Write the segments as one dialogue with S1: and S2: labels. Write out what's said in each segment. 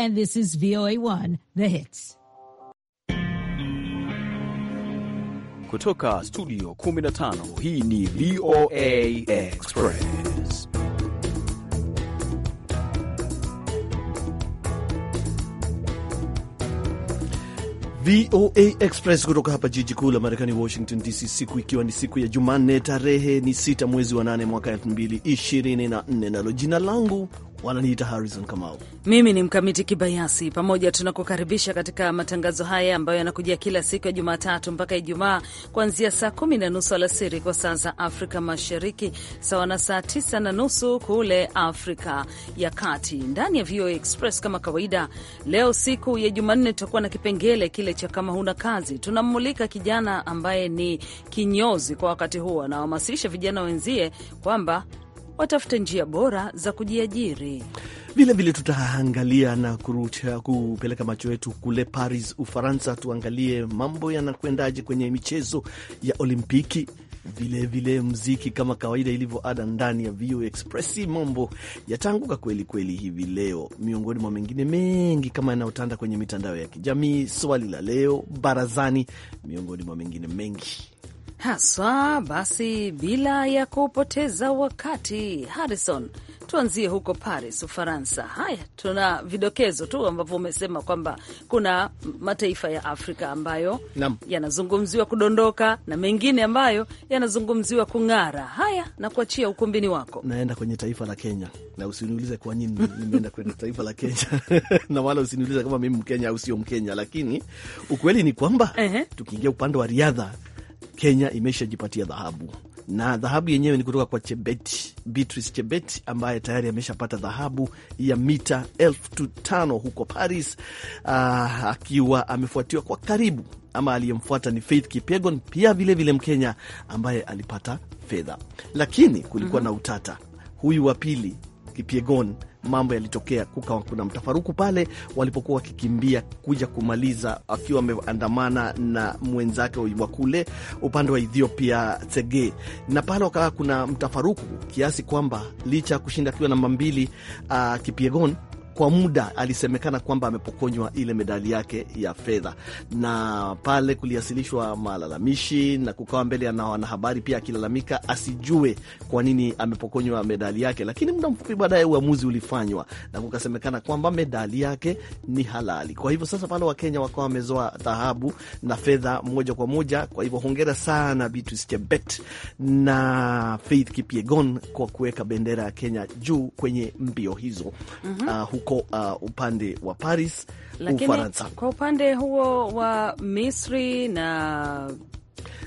S1: and this is VOA1 The Hits.
S2: Kutoka studio 15 hii ni VOA Express. VOA Express kutoka hapa jiji kuu la Marekani, Washington DC, siku ikiwa ni siku ya Jumanne, tarehe ni sita mwezi wa 8 mwaka 2024, nalo jina langu wananiita Harrison Kamau.
S1: Mimi ni Mkamiti Kibayasi, pamoja tunakukaribisha katika matangazo haya ambayo yanakujia kila siku ya Jumatatu mpaka Ijumaa kuanzia saa kumi na nusu alasiri kwa saa za Afrika Mashariki, sawa na saa tisa na nusu kule Afrika ya Kati, ndani ya VOA Express. Kama kawaida, leo siku ya Jumanne tutakuwa na kipengele kile cha kama huna kazi. Tunammulika kijana ambaye ni kinyozi kwa wakati huu, anawahamasisha vijana wenzie kwamba watafute njia bora za kujiajiri.
S2: Vilevile tutaangalia na kurucha kupeleka macho yetu kule Paris, Ufaransa, tuangalie mambo yanakwendaje kwenye michezo ya Olimpiki vilevile vile mziki kama kawaida ilivyo ada ndani ya VOA Express, mambo yataanguka kweli kweli hivi leo, miongoni mwa mengine mengi kama yanayotanda kwenye mitandao ya kijamii, swali la leo barazani, miongoni mwa mengine mengi
S1: haswa. Basi bila ya kupoteza wakati, Harrison, tuanzie huko Paris, Ufaransa. Haya, tuna vidokezo tu ambavyo umesema kwamba kuna mataifa ya Afrika ambayo yanazungumziwa kudondoka na mengine ambayo yanazungumziwa kung'ara. Haya, na kuachia ukumbini wako.
S2: Naenda kwenye taifa la Kenya, na usiniulize kwa nini nimeenda kwenye taifa la Kenya na wala usiniulize kama mimi Mkenya au sio Mkenya, lakini ukweli ni kwamba tukiingia upande wa riadha Kenya imeshajipatia dhahabu na dhahabu yenyewe ni kutoka kwa Chebet, Beatrice Chebet ambaye tayari ameshapata dhahabu ya mita elfu tano huko Paris, uh, akiwa amefuatiwa kwa karibu ama aliyemfuata ni Faith Kipyegon, pia vilevile Mkenya ambaye alipata fedha, lakini kulikuwa mm -hmm. na utata. Huyu wa pili Kipiegon mambo yalitokea, kukawa kuna mtafaruku pale walipokuwa wakikimbia kuja kumaliza, akiwa wameandamana na mwenzake wa kule upande wa Ethiopia Tsege, na pale wakawa kuna mtafaruku kiasi kwamba licha ya kushinda akiwa namba mbili uh, ah, Kipiegon kwa muda alisemekana kwamba amepokonywa ile medali yake ya fedha, na pale kuliasilishwa malalamishi na kukawa mbele ya wanahabari pia akilalamika asijue kwa nini amepokonywa medali yake, lakini muda mfupi baadaye uamuzi ulifanywa na kukasemekana kwamba medali yake ni halali. Kwa hivyo sasa pale Wakenya wakawa wamezoa dhahabu na fedha moja kwa moja. Kwa hivyo hongera sana Beatrice Chebet na Faith Kipyegon kwa kuweka bendera ya Kenya juu kwenye mbio hizo. mm -hmm. Uh, huko uh, upande wa Paris, Ufaransa. Kwa
S1: upande huo wa Misri na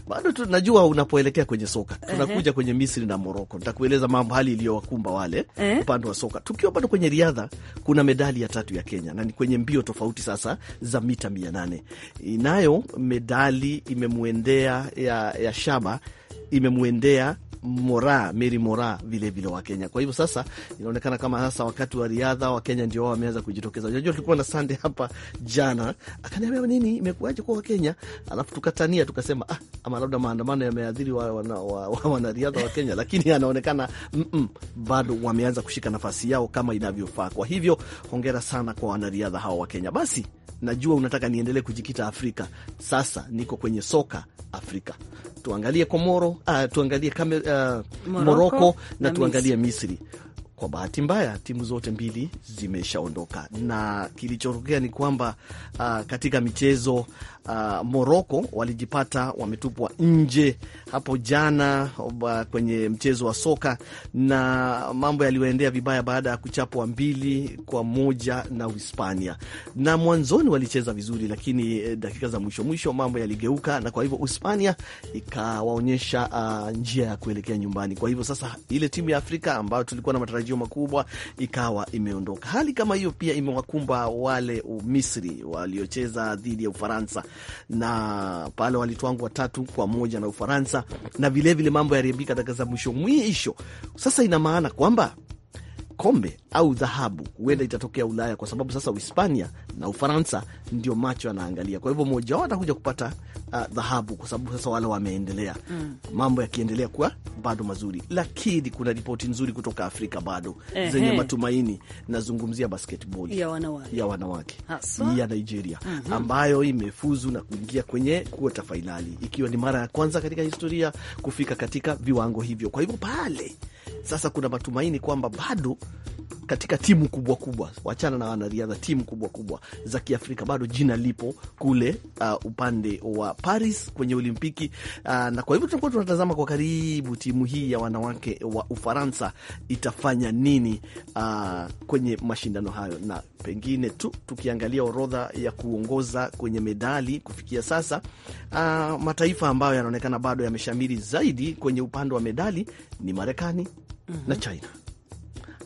S2: bado tunajua unapoelekea kwenye soka tunakuja uh -huh. kwenye Misri na Moroko, nitakueleza mambo hali iliyowakumba wale uh eh? -huh. upande wa soka. Tukiwa bado kwenye riadha, kuna medali ya tatu ya Kenya na ni kwenye mbio tofauti sasa za mita mia nane. Inayo medali imemwendea ya, ya shaba imemwendea Mora, Mary Mora vile vile wa Kenya. Kwa hivyo sasa inaonekana kama sasa wakati wa riadha wa Kenya ndio wao wameanza kujitokeza. Unajua tulikuwa na Sande hapa jana, akaniambia nini, imekuwaje kwa Kenya? Alafu tukatania tukasema, ah, ama labda maandamano yameadhiri wanariadha wa, wa, wa, wa Kenya, lakini anaonekana mm -mm, bado wameanza kushika nafasi yao kama inavyofaa. Kwa hivyo hongera sana kwa wanariadha hawa wa Kenya. Basi najua unataka niendelee kujikita Afrika, sasa niko kwenye soka Afrika tuangalie Komoro, uh, tuangalie kame, uh, Moroko na, na tuangalie Misri. Kwa bahati mbaya timu zote mbili zimeshaondoka, na kilichotokea ni kwamba uh, katika michezo uh, Moroko walijipata wametupwa nje hapo jana oba, uh, kwenye mchezo wa soka, na mambo yaliyoendea vibaya baada ya kuchapwa mbili kwa moja na Uhispania. Na mwanzoni walicheza vizuri, lakini eh, dakika za mwisho mwisho mambo yaligeuka, na kwa hivyo Uhispania ikawaonyesha uh, njia ya kuelekea nyumbani. Kwa hivyo sasa ile timu ya Afrika ambayo tulikuwa na matarajio makubwa ikawa imeondoka. Hali kama hiyo pia imewakumba wale uh, Misri waliocheza dhidi ya Ufaransa na pale walitwangwa tatu kwa moja na Ufaransa, na vilevile mambo yaliharibika dakika za mwisho mwisho. Sasa ina maana kwamba kombe au dhahabu huenda itatokea Ulaya, kwa sababu sasa Uhispania na Ufaransa ndio macho anaangalia. Kwa hivyo mmoja wao atakuja kupata uh, dhahabu, kwa sababu sasa wale wameendelea. Mm. mambo yakiendelea kuwa bado mazuri, lakini kuna ripoti nzuri kutoka Afrika bado eh, zenye hey, matumaini. Nazungumzia basketball ya wanawake ya, wanawake, ya Nigeria mm -hmm. ambayo imefuzu na kuingia kwenye kuota fainali, ikiwa ni mara ya kwanza katika historia kufika katika viwango hivyo. Kwa hivyo pale sasa kuna matumaini kwamba bado katika timu kubwa kubwa, wachana na wanariadha, timu kubwa kubwa za Kiafrika, bado jina lipo kule uh, upande wa Paris kwenye Olimpiki uh, na kwa hivyo tunakuwa tunatazama kwa karibu timu hii ya wanawake wa Ufaransa itafanya nini uh, kwenye mashindano hayo, na pengine tu tukiangalia orodha ya kuongoza kwenye medali kufikia sasa uh, mataifa ambayo yanaonekana bado yameshamiri zaidi kwenye upande wa medali ni Marekani mm -hmm. na mhm. China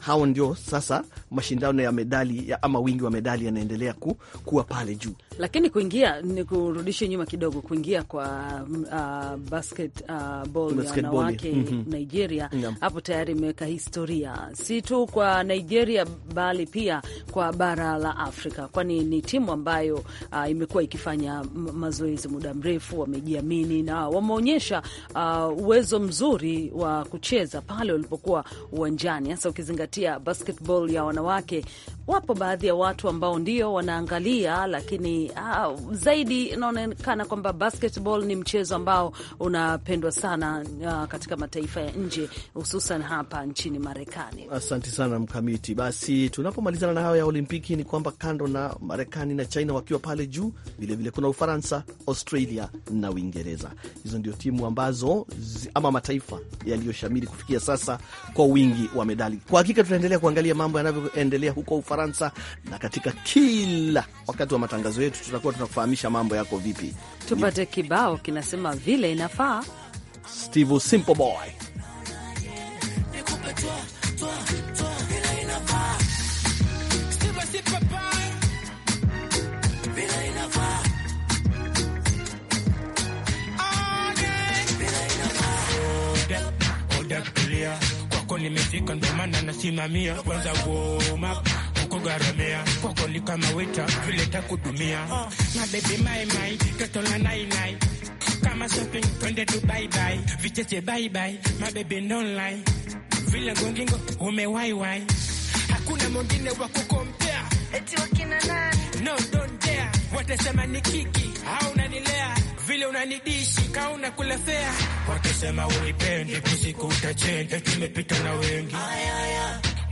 S2: hao ndio sasa mashindano ya medali ya ama wingi wa medali yanaendelea ku, kuwa pale juu.
S1: Lakini kuingia ni kurudishe nyuma kidogo, kuingia kwa mm, uh, uh basketball uh, ya wanawake mm -hmm. Nigeria hapo yeah. Tayari imeweka historia si tu kwa Nigeria bali pia kwa bara la Afrika, kwani ni timu ambayo uh, imekuwa ikifanya mazoezi muda mrefu, wamejiamini na wameonyesha uh, uwezo mzuri wa kucheza pale walipokuwa uwanjani, hasa ukizingatia basketball ya wanawake. Wapo baadhi ya watu ambao ndio wanaangalia, lakini ah, zaidi inaonekana kwamba basketball ni mchezo ambao unapendwa sana uh, katika mataifa ya nje hususan hapa nchini Marekani.
S2: Asante sana Mkamiti. Basi tunapomalizana na hayo ya Olimpiki ni kwamba kando na Marekani na China wakiwa pale juu, vilevile kuna Ufaransa, Australia na Uingereza. Hizo ndio timu ambazo zi, ama mataifa yaliyoshamiri kufikia sasa kwa wingi wa medali. Kwa hakika tutaendelea kuangalia mambo yanavyoendelea huko Ufaransa na katika kila wakati wa matangazo yetu yetu, tutakuwa tunakufahamisha mambo yako vipi.
S1: Tupate kibao kinasema vile inafaa, Steve Simple Boy.
S3: Kwako nimefika ndo maana nasimamia kwanza, woma kugaramea kwako ni kama wita vile takudumia oh, ah. na bebi maimai toto la nai kama shopping twende tu bye bye vicheche bye bye baby no lie vile gongingo ume wai wai hakuna mwingine wa kukompea eti wakina nani no don't dare watasema ni kiki au unanilea vile unanidishi ka unakulefea wakisema uipendi kusikuutachende tumepita na wengi ay, ay, ay.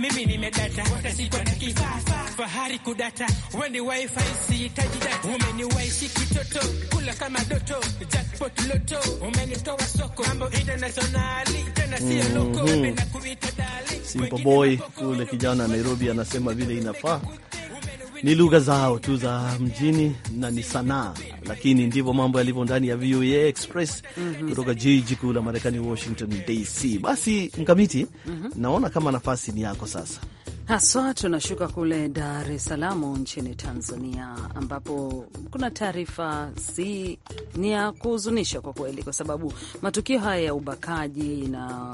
S3: mimi nimedata, tasikwa na kifaa fahari kudata, wendi wifi sihitaji data, umeniwaishi kitoto, kula kama doto, jackpot
S2: loto, umenitoa soko, mambo internationali tena sio loko, mhm. napenda kuita dali Simple boy kule kijana Nairobi anasema vile inafaa ni lugha zao tu za mjini na ni sanaa, lakini ndivyo mambo yalivyo ndani ya VOA Express mm -hmm. kutoka jiji kuu la Marekani, Washington DC. Basi Mkamiti, mm -hmm. naona kama nafasi ni yako sasa.
S1: Haswa tunashuka kule Dar es Salaam nchini Tanzania, ambapo kuna taarifa si ni ya kuhuzunisha kwa kweli, kwa sababu matukio haya ya ubakaji na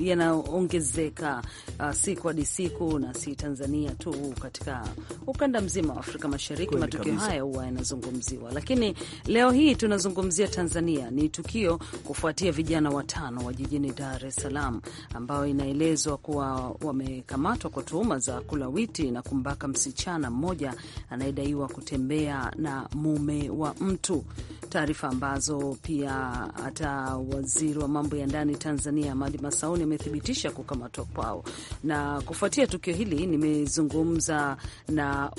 S1: yanaongezeka uh, siku hadi siku, na si Tanzania tu, katika ukanda mzima wa Afrika Mashariki kweli, matukio kabisa haya huwa yanazungumziwa, lakini leo hii tunazungumzia Tanzania. Ni tukio kufuatia vijana watano wa jijini Dar es Salaam ambao inaelezwa kuwa wamekamatwa kwa tuhuma tuhuma za kulawiti na kumbaka msichana mmoja anayedaiwa kutembea na mume wa mtu, taarifa ambazo pia hata waziri wa mambo ya ndani Tanzania Amadi Masauni amethibitisha kukamatwa kwao. Na kufuatia tukio hili nimezungumza na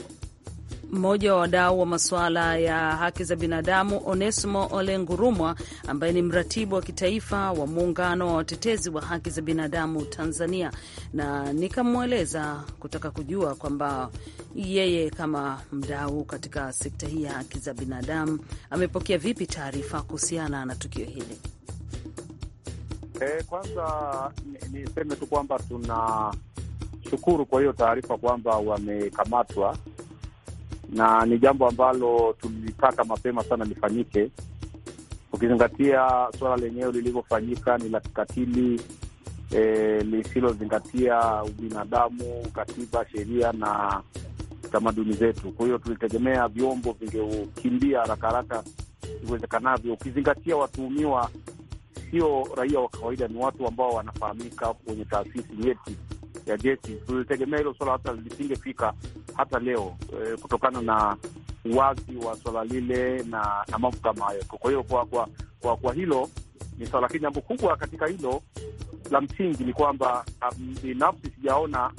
S1: mmoja wa wadau wa masuala ya haki za binadamu onesimo Ole Ngurumwa, ambaye ni mratibu wa kitaifa wa muungano wa watetezi wa haki za binadamu Tanzania, na nikamweleza kutaka kujua kwamba yeye kama mdau katika sekta hii ya haki za binadamu amepokea vipi taarifa kuhusiana na tukio hili.
S4: E, kwanza niseme tu kwamba tuna shukuru kwa hiyo taarifa kwamba wamekamatwa na ni jambo ambalo tulitaka mapema sana lifanyike, ukizingatia suala lenyewe lilivyofanyika ni la kikatili, e, lisilozingatia ubinadamu, katiba, sheria na tamaduni zetu. Kwa hiyo tulitegemea vyombo vingeukimbia haraka haraka iwezekanavyo, ukizingatia watuhumiwa sio raia wa kawaida, ni watu ambao wanafahamika kwenye taasisi nyeti ya jeshi. Tulitegemea hilo swala hata lisingefika hata leo eh, kutokana na uwazi wa swala lile na, na mambo kama hayo. Kwa hiyo kwa, kwa, kwa, kwa hilo ni sawa, lakini jambo kubwa katika hilo la msingi ni kwamba um, binafsi sijaona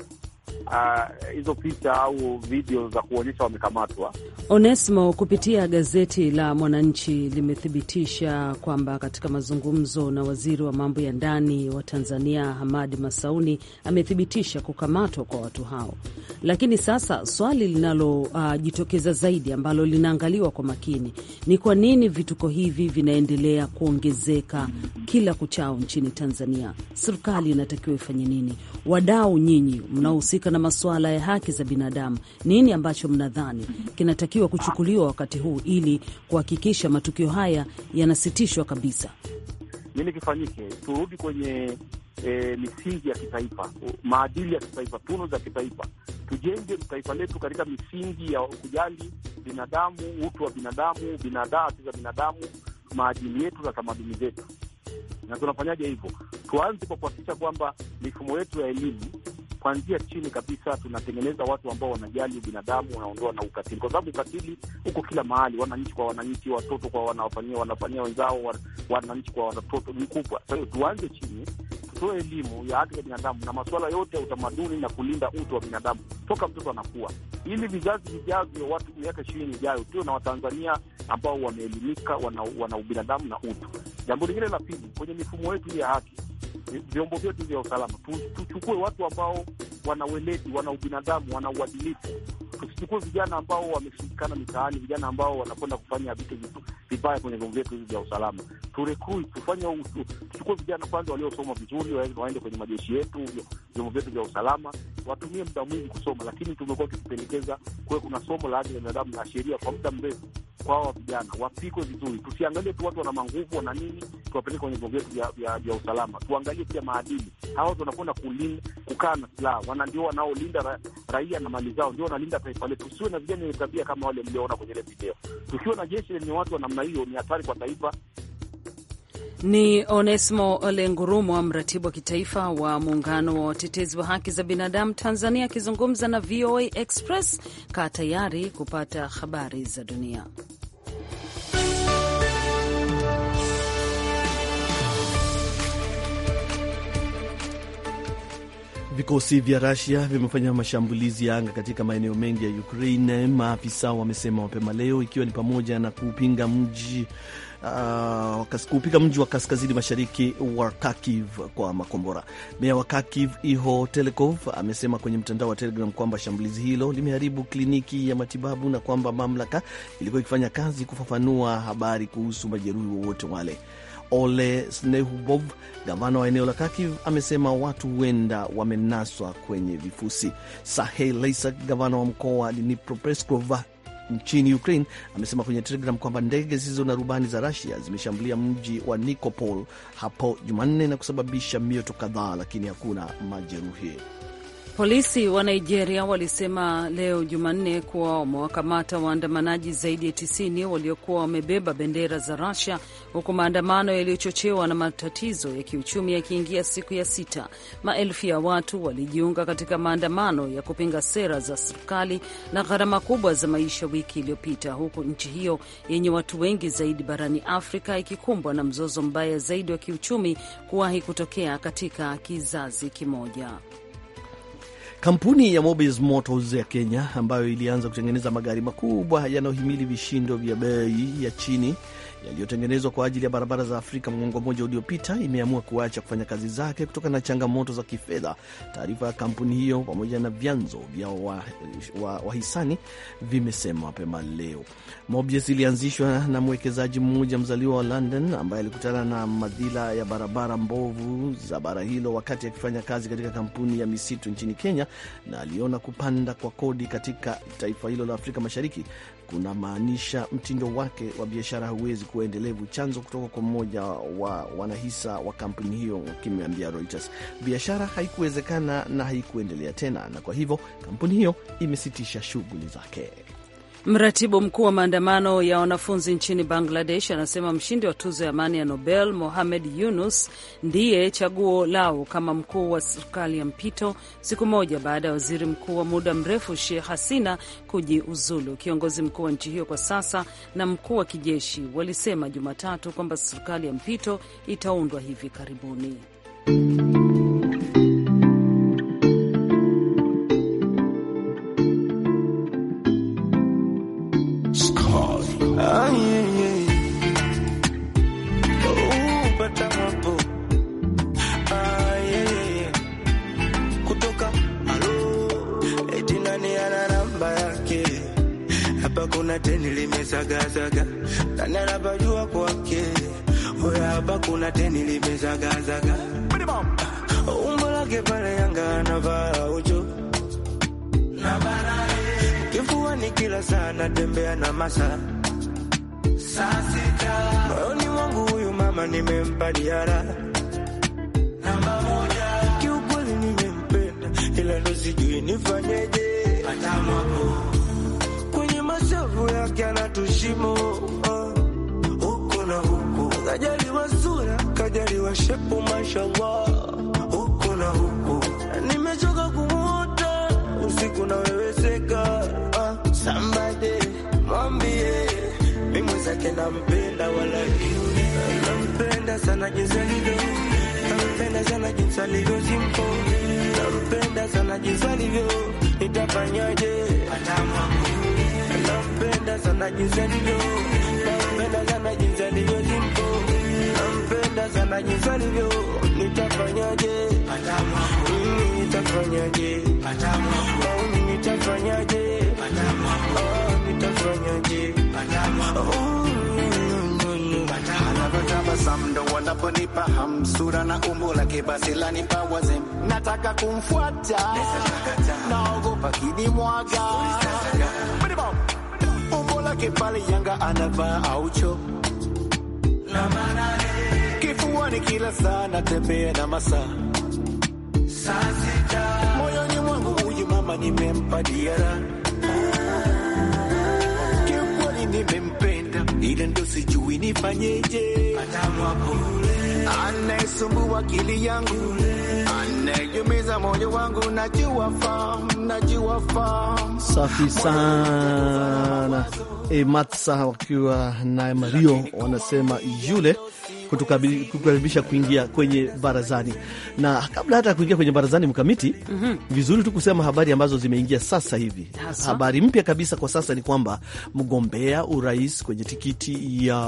S4: Ah, hizo uh, picha au video za kuonyesha wamekamatwa.
S1: Onesimo kupitia gazeti la Mwananchi limethibitisha kwamba katika mazungumzo na waziri wa mambo ya ndani wa Tanzania Hamadi Masauni amethibitisha kukamatwa kwa watu hao, lakini sasa swali linalojitokeza uh, zaidi ambalo linaangaliwa kwa makini ni kwa nini vituko hivi vinaendelea kuongezeka kila kuchao nchini Tanzania. Serikali inatakiwa ifanye nini? Wadau nyinyi mnaohusika wanahusika na masuala ya haki za binadamu, nini ambacho mnadhani kinatakiwa kuchukuliwa wakati huu ili kuhakikisha matukio haya yanasitishwa kabisa?
S4: Nini kifanyike? Turudi kwenye e, misingi ya kitaifa, maadili ya kitaifa, tunu za kitaifa. Tujenge taifa letu katika misingi ya kujali binadamu, utu wa binadamu, binadaa za binadamu, maadili yetu na tamaduni zetu. Na tunafanyaje hivyo? Tuanze kwa kuhakikisha kwamba mifumo yetu ya elimu kuanzia chini kabisa, tunatengeneza watu ambao wanajali binadamu, wanaondoa na ukatili, kwa sababu ukatili huko kila mahali, wananchi kwa wananchi, watoto kwa wanawafanyia wanafanyia wenzao, wananchi kwa watoto, ni kubwa. Kwa hiyo tuanze chini, tutoe elimu ya haki ya binadamu na masuala yote ya utamaduni na kulinda utu wa binadamu toka mtoto anakuwa, ili vizazi vijavyo, watu miaka ishirini ijayo, tuwe na Watanzania ambao wameelimika, wana, wana ubinadamu na utu. Jambo lingine la pili, kwenye mifumo yetu ya haki vyombo vyetu vya usalama tuchukue watu ambao wana weledi, wana ubinadamu, wana uadilifu. Tusichukue vijana ambao wameshindikana mitaani, vijana ambao wanakwenda kufanya vitu vibaya kwenye vyombo vyetu hivi vya usalama. Turecruit, tufanye, tuchukue vijana kwanza waliosoma vizuri, waende kwenye majeshi yetu, vyombo vyetu vya usalama, watumie muda mwingi kusoma. Lakini tumekuwa tukipendekeza kuwe kuna somo la haki za binadamu na sheria kwa muda mrefu kwa hawa vijana, wapikwe vizuri. Tusiangalie tu watu wana manguvu wana nini, tuwapeleke kwenye vyombo vyetu vya usalama. Tuangalie pia maadili. Hawa watu wanakwenda kukaa na silaha, wana ndio wanaolinda ra, raia na mali zao, ndio wanalinda taifa letu. Tusiwe na vijana wenye tabia kama wale mlioona kwenye ile video. tukiwa na jeshi lenye watu wa namna hiyo, ni hatari kwa taifa
S1: ni onesimo Ole Ngurumo, mratibu wa kitaifa wa muungano wa watetezi wa haki za binadamu Tanzania, akizungumza na VOA Express. Kaa tayari kupata habari za dunia.
S2: Vikosi vya Rusia vimefanya mashambulizi ya anga katika maeneo mengi ya Ukraine, maafisa wamesema mapema leo, ikiwa ni pamoja na kuupinga mji Uh, kuupika mji wa kaskazini mashariki wa Kharkiv kwa makombora. Meya wa Kharkiv Iho Telekov amesema kwenye mtandao wa Telegram kwamba shambulizi hilo limeharibu kliniki ya matibabu na kwamba mamlaka ilikuwa ikifanya kazi kufafanua habari kuhusu majeruhi wowote wale. Ole Snehubov, gavana wa eneo la kakiv amesema watu huenda wamenaswa kwenye vifusi. Sahei leisak gavana wa mkoa wa Dnipropetrovsk nchini Ukraine, amesema kwenye Telegram kwamba ndege zisizo na rubani za Rusia zimeshambulia mji wa Nikopol hapo Jumanne na kusababisha mioto kadhaa, lakini hakuna majeruhi.
S1: Polisi wa Nigeria walisema leo Jumanne kuwa wamewakamata waandamanaji zaidi ya 90 waliokuwa wamebeba bendera za rasia huku maandamano yaliyochochewa na matatizo ya kiuchumi yakiingia siku ya sita. Maelfu ya watu walijiunga katika maandamano ya kupinga sera za serikali na gharama kubwa za maisha wiki iliyopita, huku nchi hiyo yenye watu wengi zaidi barani Afrika ikikumbwa na mzozo mbaya zaidi wa kiuchumi kuwahi kutokea katika kizazi kimoja.
S2: Kampuni ya Mobis Motors ya Kenya ambayo ilianza kutengeneza magari makubwa yanayohimili vishindo vya bei ya chini yaliyotengenezwa kwa ajili ya barabara za Afrika mwongo mmoja uliopita imeamua kuacha kufanya kazi zake kutokana na changamoto za kifedha. Taarifa ya kampuni hiyo pamoja na vyanzo vya wahisani wa, wa vimesema mapema leo. Mobius ilianzishwa na mwekezaji mmoja mzaliwa wa London ambaye alikutana na madhila ya barabara mbovu za bara hilo wakati akifanya kazi katika kampuni ya misitu nchini Kenya, na aliona kupanda kwa kodi katika taifa hilo la Afrika Mashariki kunamaanisha mtindo wake wa biashara hauwezi kuwa endelevu, chanzo kutoka kwa mmoja wa wanahisa wa kampuni hiyo kimeambia Reuters. Biashara haikuwezekana na haikuendelea tena, na kwa hivyo kampuni hiyo imesitisha shughuli zake.
S1: Mratibu mkuu wa maandamano ya wanafunzi nchini Bangladesh anasema mshindi wa tuzo ya amani ya Nobel Mohamed Yunus ndiye chaguo lao kama mkuu wa serikali ya mpito, siku moja baada ya waziri mkuu wa muda mrefu Sheikh Hasina kujiuzulu. Kiongozi mkuu wa nchi hiyo kwa sasa na mkuu wa kijeshi walisema Jumatatu kwamba serikali ya mpito itaundwa hivi karibuni.
S3: baba yake. Hapa kuna teni limezagazaga na napajua kwake. Oya, hapa kuna teni limezagazaga umbo lake pale Yanga anavaa kifua ni kila sana tembea na masa moyoni mwangu huyu mama nimempa diara namba moja, kiukweli, nimempenda ila ndo sijui nifanyeje kwenye mashavu yake anatushimo uh, huko na huko, kajaliwa sura, kajaliwa shepu, mashallah huko na huko. Nimechoka kumwota usiku naweweseka, uh, sambade mwambie mimi mwenzake nampenda, wala nampenda sana jinsi alivyo, nampenda sana jinsi alivyo simple nifanyaje? Nampenda sana jinsi alivyo, nampenda sana jinsi alivyo simpo, nampenda sana jinsi alivyo, nitafanyaje? Mimi nitafanyaje? nitafanyaje? Nitafanyaje? tabasam ndo wanaponipa hamsura na umbo la kibasi la nipa wazim, nataka kumfuata naogopa kinimwaga umbo la pale Yanga anavaa aucho kifuani kila saa natembea na masaa moyoni mwangu huyu mama nimempa diara kiukweli nimempe ile ndo sijui nifanyeje, anayesumbua akili yangu, anayejumiza moyo wangu, najua fam, najua
S2: fam. Safi sana Ematsa eh, wakiwa naye Mario wanasema yule kutukaribisha kuingia kwenye barazani. Na kabla hata ya kuingia kwenye barazani, mkamiti mm -hmm. vizuri tu kusema habari ambazo zimeingia sasa hivi. Asa. habari mpya kabisa kwa sasa ni kwamba mgombea urais kwenye tikiti ya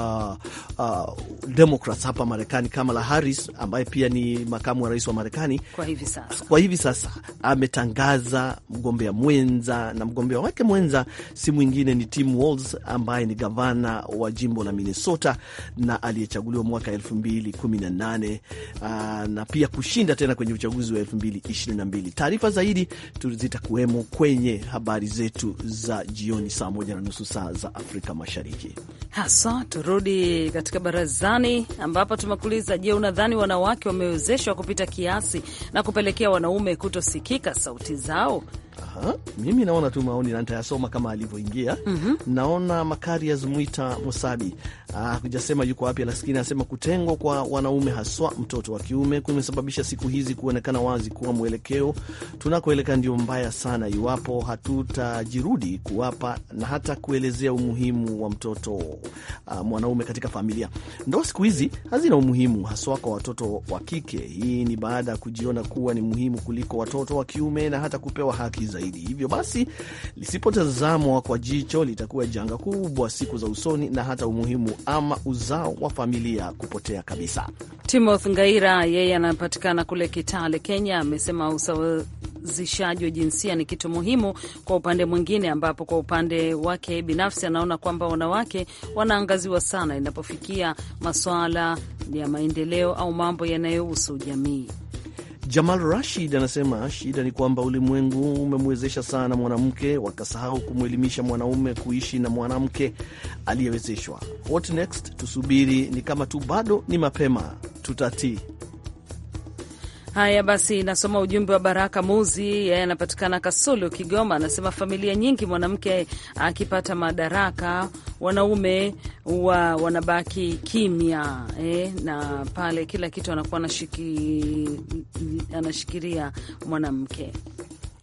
S2: uh, Democrats hapa Marekani, Kamala Harris ambaye pia ni makamu wa rais wa Marekani kwa hivi sasa, kwa hivi sasa ametangaza mgombea mwenza, na mgombea wake mwenza si mwingine ni Tim Walz ambaye ni gavana wa jimbo la Minnesota na aliyechaguliwa mwaka mwaka 2018 uh, na pia kushinda tena kwenye uchaguzi wa 2022. Taarifa zaidi zitakuwemo kwenye habari zetu za jioni saa moja na nusu saa za Afrika Mashariki.
S1: Haswa turudi katika barazani, ambapo tumekuuliza, je, unadhani wanawake wamewezeshwa kupita kiasi na kupelekea wanaume kutosikika sauti zao?
S2: mimi naona tu maoni na nitayasoma kama alivyoingia. mm -hmm. Naona Makarias Mwita Musabi ah, hujasema yuko wapi, lakini anasema kutengwa kwa wanaume haswa mtoto wa kiume kumesababisha siku hizi kuonekana wazi kuwa mwelekeo tunakoelekea ndio mbaya sana, iwapo hatutajirudi kuwapa na hata kuelezea umuhimu wa mtoto a, ah, mwanaume katika familia. Ndoa siku hizi hazina umuhimu haswa kwa watoto wa kike. Hii ni baada ya kujiona kuwa ni muhimu kuliko watoto wa kiume na hata kupewa haki zaidi zaidi. Hivyo basi, lisipotazamwa kwa jicho litakuwa janga kubwa siku za usoni, na hata umuhimu ama uzao wa familia kupotea kabisa.
S1: timoth Ngaira yeye anapatikana kule Kitale, Kenya, amesema usawazishaji wa jinsia ni kitu muhimu kwa upande mwingine, ambapo kwa upande wake binafsi anaona kwamba wanawake wanaangaziwa sana inapofikia masuala ya maendeleo au mambo yanayohusu jamii.
S2: Jamal Rashid anasema shida ni kwamba ulimwengu umemwezesha sana mwanamke, wakasahau kumwelimisha mwanaume kuishi na mwanamke aliyewezeshwa. What next? Tusubiri, ni kama tu bado ni mapema, tutatii.
S1: Haya basi, nasoma ujumbe wa Baraka Muzi, yeye anapatikana Kasulu, Kigoma. Anasema familia nyingi, mwanamke akipata madaraka, wanaume wa wanabaki kimya eh, na pale kila kitu anakuwa anashiki, anashikiria mwanamke.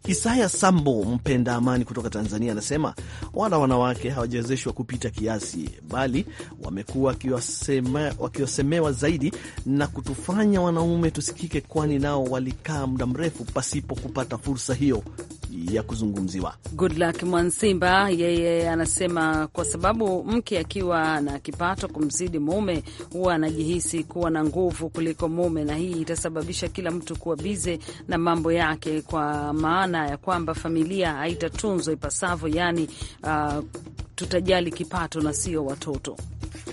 S2: Isaya Sambo, mpenda amani kutoka Tanzania, anasema wala wanawake hawajawezeshwa kupita kiasi, bali wamekuwa wakiwasemewa zaidi na kutufanya wanaume tusikike, kwani nao walikaa muda mrefu pasipo kupata fursa hiyo ya kuzungumziwa.
S1: Good luck Mwansimba yeye anasema kwa sababu mke akiwa na kipato kumzidi mume huwa anajihisi kuwa na nguvu kuliko mume, na hii itasababisha kila mtu kuwa bize na mambo yake, kwa maana ya kwamba familia haitatunzwa ipasavyo, yani uh, tutajali kipato na sio watoto.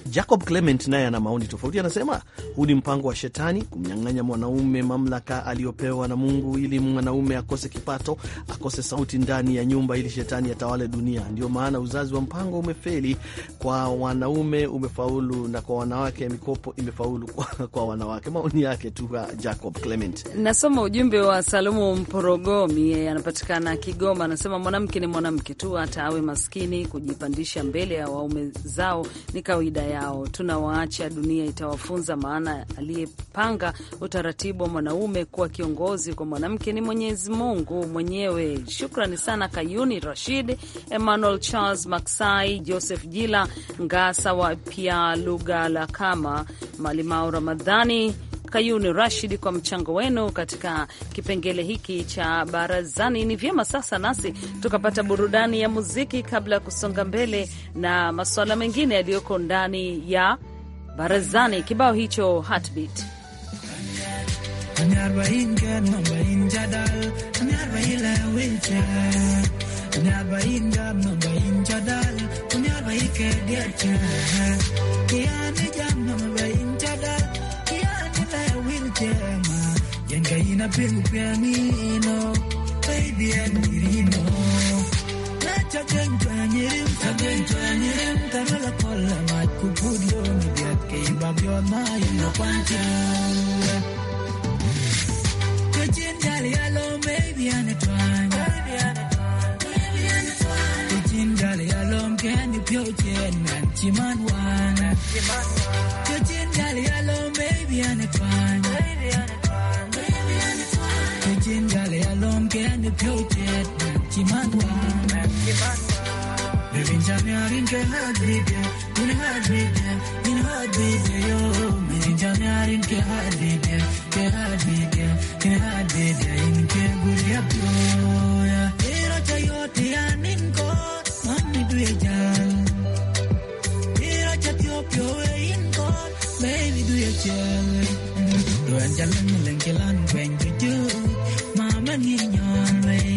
S2: Jacob Clement naye ana maoni tofauti, anasema huu ni mpango wa shetani kumnyang'anya mwanaume mamlaka aliyopewa na Mungu ili mwanaume akose kipato, akose sauti ndani ya nyumba, ili shetani atawale dunia. Ndio maana uzazi wa mpango umefeli kwa wanaume, umefaulu na kwa wanawake, mikopo imefaulu kwa, kwa wanawake. Maoni yake tu uh, Jacob Clement.
S1: Nasoma ujumbe wa Salomo Mporogomi, anapatikana Kigoma, anasema mwanamke ni mwanamke tu, hata awe maskini, kujipandisha mbele ya waume zao ni kawaida yao. Tunawaacha dunia itawafunza, maana aliyepanga utaratibu wa mwanaume kuwa kiongozi kwa mwanamke ni Mwenyezi Mungu mwenyewe. Shukrani sana Kayuni Rashid, Emmanuel Charles Maksai, Joseph Jila Ngasa wa Pia lugha la Kama Malimao Ramadhani Kayuni Rashid kwa mchango wenu katika kipengele hiki cha barazani. Ni vyema sasa nasi tukapata burudani ya muziki kabla ya kusonga mbele na masuala mengine yaliyoko ndani ya barazani. Kibao hicho Heartbeat
S5: క్షమ ఎంగైన పిలుపెనీనో baby andirino nacha kengwanyirim kengwanyirim tamala kolla mat kupudlo ni biat ke babyo na ino pancha kujin dali alo baby anetwan baby anetwan baby anetwan kujin dali alo kendi pyo chen man Dirty mad one. Dirty mad one. Good baby, and fun. Baby, and fun. Baby, and fun. Good in Dali alone, get the beauty. Dirty mad one. Dirty mad hard video. In hard video. In hard video. Baby, Jamie, in hard video. In hard video. In hard video. In the good yapyo. Ero chayote, aninko. Mami, do you you're waiting for. Baby, do your job. Đồ anh chả lên lên kia lan quen cho chứ. Mà mà nghi nhòn mày.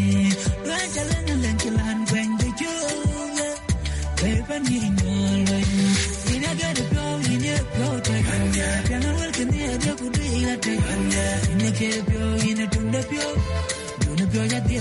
S5: Đồ anh chả lên lên kia lan quen cho chứ. Baby, nghi nhòn mày. Nhìn ai gái được đâu, nhìn nhớ đâu chạy. Chẳng ai quên cái này, đưa cô đi là chạy. Nhìn nhớ kia biểu, nhìn nhớ trung đập biểu. Đưa nó biểu ra tia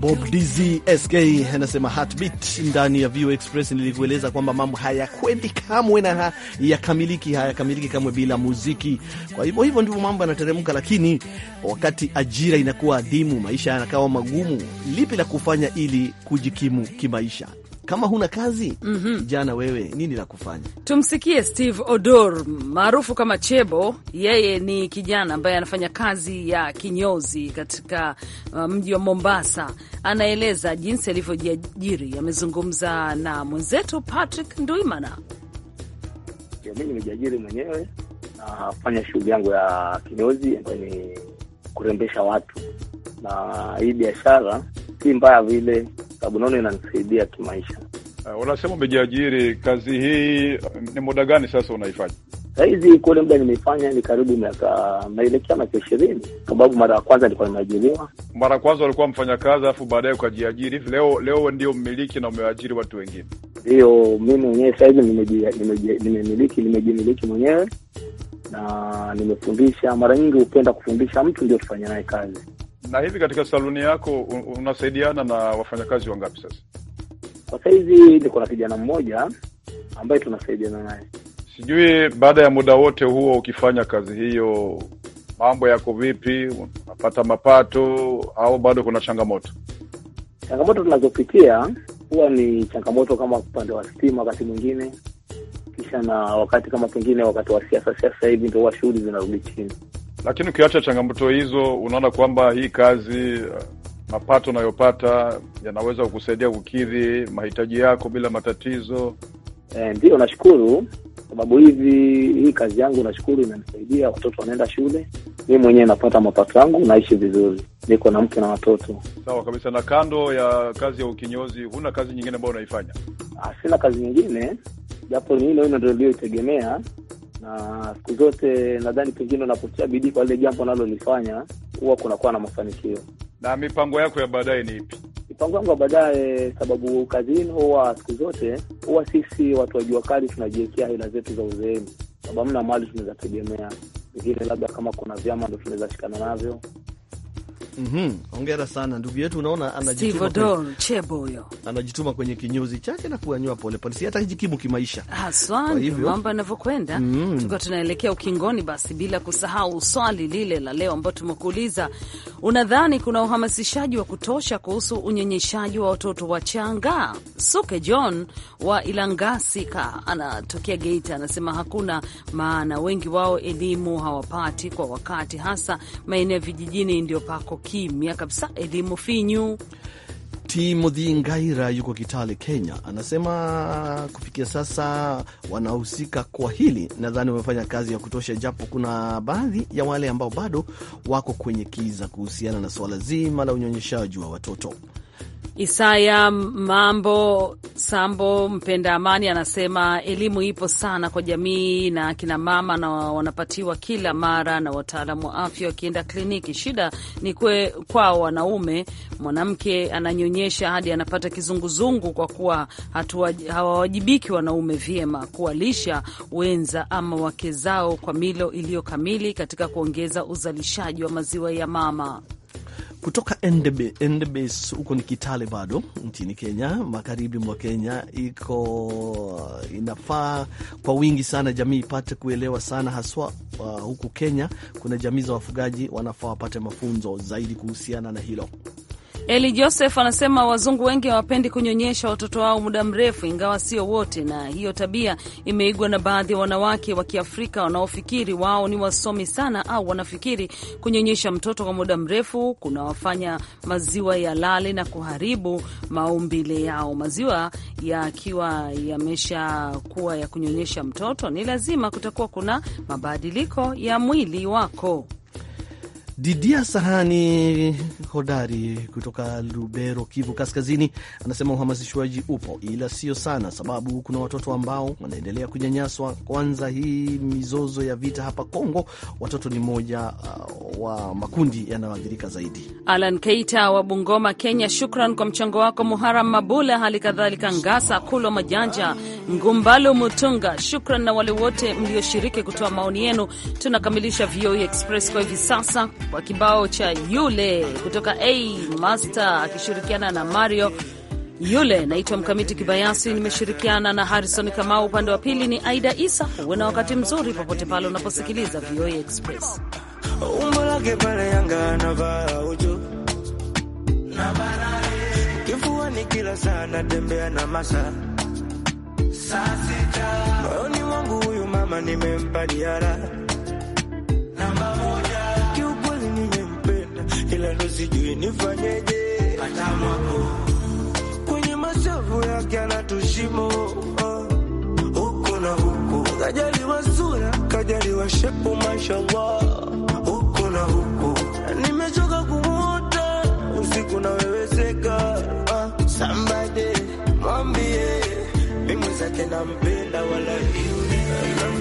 S2: Bob DZ SK anasema heartbeat ndani ya View Express. Nilikueleza kwamba mambo hayakwendi kamwe na yakamiliki, hayakamiliki kamwe bila muziki. Kwa hivyo hivyo ndivyo mambo yanateremka, lakini wakati ajira inakuwa adimu, maisha yanakawa magumu, lipi la kufanya ili kujikimu kimaisha? kama huna kazi mm -hmm. Jana wewe nini la kufanya?
S1: Tumsikie Steve Odor maarufu kama Chebo. Yeye ni kijana ambaye anafanya kazi ya kinyozi katika uh, mji wa Mombasa. Anaeleza jinsi alivyojiajiri. Amezungumza na mwenzetu Patrick Ndwimana.
S6: Mi nimejiajiri mwenyewe, nafanya shughuli yangu ya kinyozi ambayo ni kurembesha watu, na hii biashara si mbaya vile sababu naona
S7: inanisaidia kimaisha. Uh, unasema umejiajiri, kazi hii ni muda gani sasa unaifanya?
S6: Sahizi kule muda nimeifanya ni karibu miaka naelekea miaka ishirini, sababu mara ya kwanza nilikuwa nimeajiriwa.
S7: Mara ya kwanza ulikuwa mfanyakazi, alafu baadaye ukajiajiri. Leo leo ndio mmiliki na umewaajiri watu wengine?
S6: Ndiyo, mi mwenyewe sahizi nimemiliki, nimejimiliki mwenyewe na nimefundisha. Mara nyingi hupenda kufundisha mtu ndio tufanya naye kazi.
S7: Na hivi katika saluni yako unasaidiana na wafanyakazi wangapi sasa?
S6: Kwa sahizi niko na kijana mmoja ambaye tunasaidiana naye.
S7: Sijui baada ya muda wote huo ukifanya kazi hiyo, mambo yako vipi? Unapata mapato au bado kuna changamoto?
S6: Changamoto tunazopitia huwa ni changamoto kama upande wa stima wakati mwingine, kisha na wakati kama pengine wakati wa siasa. Siasa hivi ndo huwa shughuli zinarudi chini.
S7: Lakini ukiacha changamoto hizo, unaona kwamba hii kazi, uh, mapato unayopata yanaweza kukusaidia kukidhi mahitaji yako bila matatizo? E,
S6: nashukuru sababu hivi hii kazi yangu nashukuru imenisaidia. Watoto wanaenda shule, mi mwenyewe napata mapato yangu, naishi vizuri, niko na mke na watoto.
S7: Sawa kabisa. Na kando ya kazi ya ukinyozi, huna kazi nyingine ambayo unaifanya? Ah, sina kazi nyingine, japo ni hilo hilo ndo iliyoitegemea
S6: na siku zote nadhani pengine unapotia bidii kwa lile jambo unalolifanya
S7: huwa kunakuwa na mafanikio. Na mipango yako ya baadaye ni ipi?
S6: Mipango wangu ya baadaye, sababu kazini huwa siku zote huwa sisi watu wa jua kali tunajiwekea hela zetu za uzeeni, sababu hamna mali tunaweza tegemea, pengine labda kama kuna vyama ndo tunaweza shikana navyo,
S2: Mm -hmm. Ongera sana ndugu yetu, unaona anajituma
S1: kwenye...
S2: anajituma kwenye kinyozi chake na kuanywa polepole, si hata jikimu kimaisha
S1: haswa, mambo yanavyokwenda. mm -hmm. Tukiwa tunaelekea ukingoni, basi bila kusahau swali lile la leo ambao tumekuuliza, unadhani kuna uhamasishaji wa kutosha kuhusu unyenyeshaji wa watoto wachanga? Suke John wa Ilangasika anatokea Geita, anasema hakuna maana, wengi wao elimu hawapati kwa wakati, hasa maeneo ya vijijini ndio pako kimya kabisa. Elimu finyu
S2: Timothy Ngaira yuko Kitale, Kenya, anasema kufikia sasa wanahusika kwa hili, nadhani wamefanya kazi ya kutosha, japo kuna baadhi ya wale ambao bado wako kwenye kiza kuhusiana na suala zima la unyonyeshaji wa watoto.
S1: Isaya Mambo Sambo mpenda amani anasema elimu ipo sana kwa jamii na akina mama, na wanapatiwa kila mara na wataalamu wa afya wakienda kliniki. Shida ni kwe kwao wanaume, mwanamke ananyonyesha hadi anapata kizunguzungu kwa kuwa hawawajibiki wanaume vyema kuwalisha wenza ama wake zao kwa milo iliyo kamili katika kuongeza uzalishaji wa maziwa ya mama
S2: kutoka Endebe. huko ni Kitale bado nchini Kenya, magharibi mwa Kenya. Iko inafaa kwa wingi sana jamii ipate kuelewa sana, haswa uh, huku Kenya kuna jamii za wafugaji wanafaa wapate mafunzo zaidi kuhusiana na hilo.
S1: Eli Joseph anasema wazungu wengi hawapendi kunyonyesha watoto wao muda mrefu, ingawa sio wote, na hiyo tabia imeigwa na baadhi ya wanawake wa Kiafrika wanaofikiri wao ni wasomi sana, au wanafikiri kunyonyesha mtoto kwa muda mrefu kunawafanya maziwa yalale na kuharibu maumbile yao. Maziwa yakiwa yameshakuwa ya kunyonyesha mtoto, ni lazima kutakuwa kuna mabadiliko ya mwili wako. Didia
S2: Sahani hodari kutoka Lubero, Kivu Kaskazini, anasema uhamasishwaji upo, ila sio sana, sababu kuna watoto ambao wanaendelea kunyanyaswa. Kwanza hii mizozo ya vita hapa Kongo, watoto ni moja uh, wa makundi yanayoathirika zaidi.
S1: Alan Keita wa Bungoma, Kenya, shukran kwa mchango wako. Muharam Mabula, hali kadhalika Ngasa Kulwa Majanja Ngumbalu Mutunga, shukran na wale wote mlioshiriki kutoa maoni yenu. Tunakamilisha VOA e Express kwa hivi sasa kwa kibao cha yule kutoka A Master akishirikiana na Mario yule. Naitwa Mkamiti Kibayasi, nimeshirikiana na Harrison Kamau, upande wa pili ni Aida Isa. Uwe na wakati mzuri popote pale unaposikiliza VOA Express.
S3: Umbo lake pale Yanga anavaa uju
S1: eh. kifuani, kila saa
S3: natembea na masa moyoni mwangu, huyu mama nimempa diara ila ndo sijui nifanyeje, kwenye masavu yake anatushimo uh, huko na huko, kajaliwa sura, kajaliwa shepu, mashallah huko na huko, nimechoka kumwota usiku seka uh, Sambade mwambie mimi zake nampenda wala